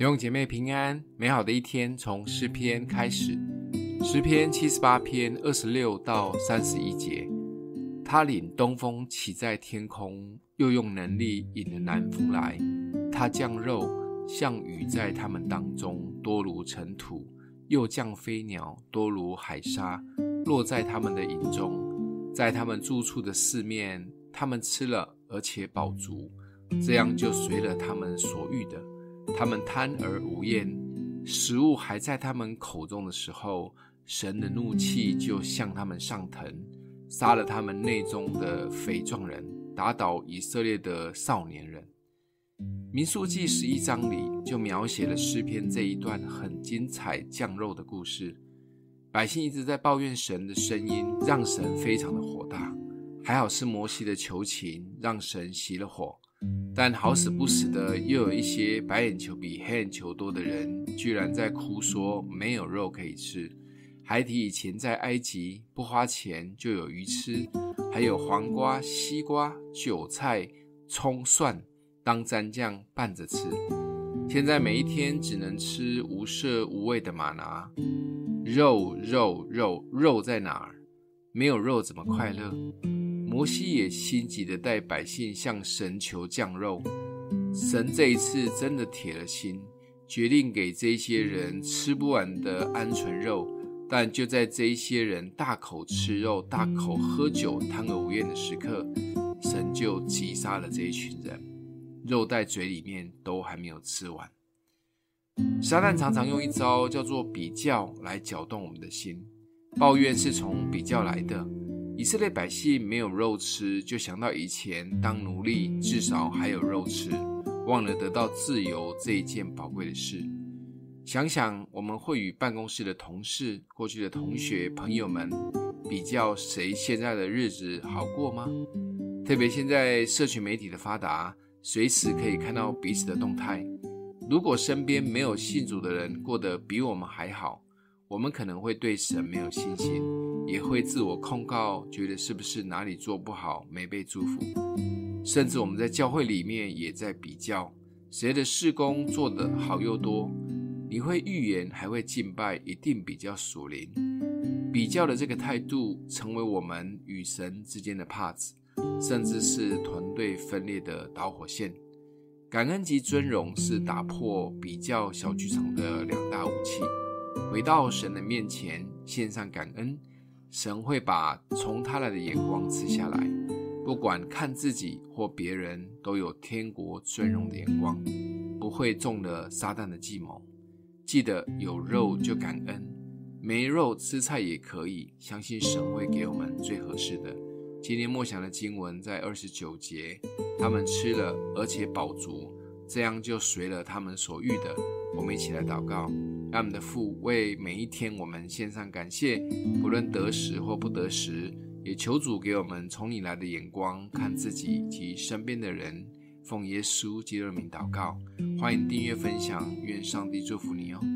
弟兄姐妹平安，美好的一天從詩篇開始，詩篇七十八篇二十六到三十一節。他領東風起在天空，又用能力引了南風來。他降肉像雨在他們當中，多如塵土；又降飛鳥多如海沙，落在他們的營中，在他們住處的四面。他們吃了，而且飽足，這樣就隨了他們所欲的。他們貪而無厭，食物還在他們口中的時候，神的怒氣就向他們上騰，殺了他們內中的肥壯人，打倒以色列的少年人。民數記十一章裡就描寫了詩篇這一段很精彩降肉的故事。百姓一直在抱怨神的聲音，讓神非常的火大。還好是摩西的求情，讓神熄了火。但好死不死的，又有一些白眼球比黑眼球多的人，居然在哭說沒有肉可以吃，還提以前在埃及不花錢就有魚吃，還有黃瓜、西瓜、韭菜、蔥蒜當蘸醬拌着吃，現在每一天只能吃無色無味的嗎哪，肉肉肉，肉在哪兒？沒有肉怎麼快樂？摩西也心急的帶百姓向神求降肉，神這一次真的鐵了心，決定給這一些人吃不完的鵪鶉肉。但就在這一些人大口吃肉、大口喝酒、貪而無厭的時刻，神就擊殺了這一群人，肉在嘴裡面都還沒有吃完。撒旦常常用一招叫做比較來攪動我們的心，抱怨是從比較來的。以色列百姓沒有肉吃，就想到以前當奴隸至少還有肉吃，忘了得到自由這一件寶貴的事。想想我們會與辦公室的同事、過去的同學、朋友們比較誰現在的日子好過嗎？特別現在社群媒體的發達，隨時可以看到彼此的動態。如果身邊沒有信主的人過得比我們還好，我們可能會對神沒有信心，也會自我控告，覺得是不是哪裡做不好，沒被祝福。甚至我們在教會裡面也在比較，誰的事工做得好又多。你會預言，還會敬拜，一定比較屬靈。比較的這個態度，成為我們與神之間的帕子，甚至是團隊分裂的導火線。感恩及尊榮是打破比較小劇場的兩大武器。回到神的面前獻上感恩，神會把從他來的眼光賜下來，不管看自己或別人，都有天國尊榮的眼光，不會中了撒旦的計謀。記得有肉就感恩，沒肉吃菜也可以，相信神會給我們最合適的。今天默想的經文在二十九節，他們吃了而且飽足，這樣就隨了他們所欲的。我們一起來禱告。讓我們的父為每一天我們獻上感謝，不論得時或不得時，也求主給我們從你來的眼光看自己以及身邊的人。奉耶穌基督名禱告，歡迎訂閱分享，願上帝祝福你哦。